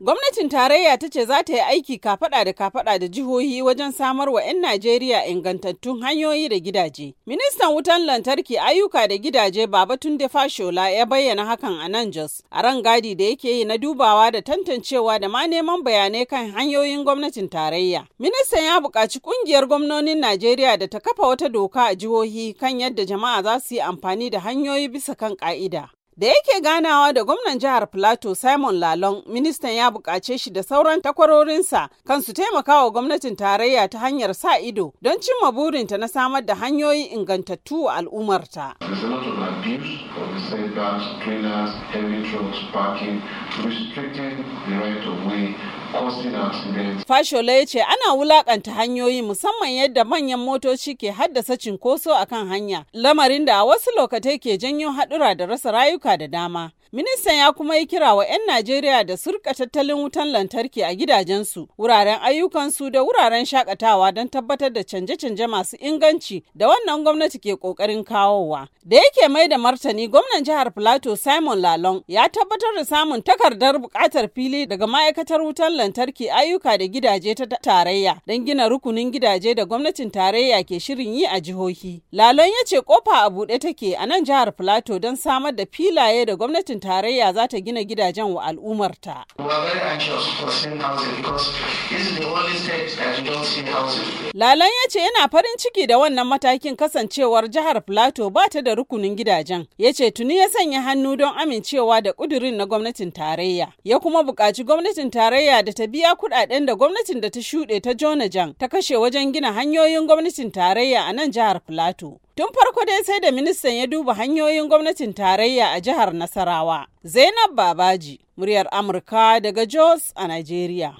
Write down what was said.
Gwamnatin tarayya ta ce za ta yi aiki kafada da kafada da jihohi wajen samar wa 'yan Najeriya ingantattun hanyoyi da gidaje. Ministan wutan lantarki ayyuka da gidaje Babatunde Fashola ya bayyana hakan a nan Jos a ran gadi da yake yi na dubawa da tantancewa da ma neman bayanai kan hanyoyin gwamnatin tarayya. Ministan ya buƙaci ƙungiyar gwamnonin Najeriya da ta kafa wata doka a jihohi kan yadda jama'a za su yi amfani da hanyoyi bisa kan ƙa'ida. Da yake ganawa da gwamnan jihar Plateau Simon lalon ministan ya buƙace shi da sauran takwarorinsa kan su taimaka wa gwamnatin tarayya ta hanyar sa ido don cimma burinta na samar da hanyoyi ingantattu wa al'ummarta. Trainers, heavy trucks, parking, restricting the right of way Fashola ya ce ana wulakanta hanyoyi musamman yadda manyan motoci ke haddasa cinkoso a kan hanya, lamarin da a wasu lokatai ke janyo haɗura da rasa rayuka da dama. Ministan ya kuma yi kira wa 'yan Najeriya da surka tattalin wutan lantarki a gidajensu, wuraren ayyukansu da wuraren shakatawa don tabbatar da canje-canje masu inganci da wannan gwamnati ke kokarin kawowa. Da yake mai da martani gwamnan jihar Plateau Simon Lalong ya tabbatar da samun takardar buƙatar fili daga ma'aikatar wutan lantarki ayyuka da gidaje ta tarayya don gina rukunin gidaje da gwamnatin tarayya ke shirin yi a jihohi. Lalon ya ce kofa a buɗe take a nan jihar Filato don samar da filaye da gwamnatin tarayya za ta gina gidajen wa al'ummarta. Lalon ya ce yana farin ciki da wannan matakin kasancewar jihar Filato ba ta da rukunin gidajen. Ya ce tuni ya sanya hannu don amincewa da ƙudurin na gwamnatin tarayya. Ya kuma buƙaci gwamnatin tarayya da ta biya kuɗaɗen da gwamnatin da ta shuɗe ta jona jan ta kashe wajen gina hanyoyin gwamnatin tarayya a nan jihar Filato. Tun farko dai sai da ministan ya duba hanyoyin gwamnatin tarayya a jihar Nasarawa. Zainab Babaji, muryar Amurka daga Jos a Najeriya.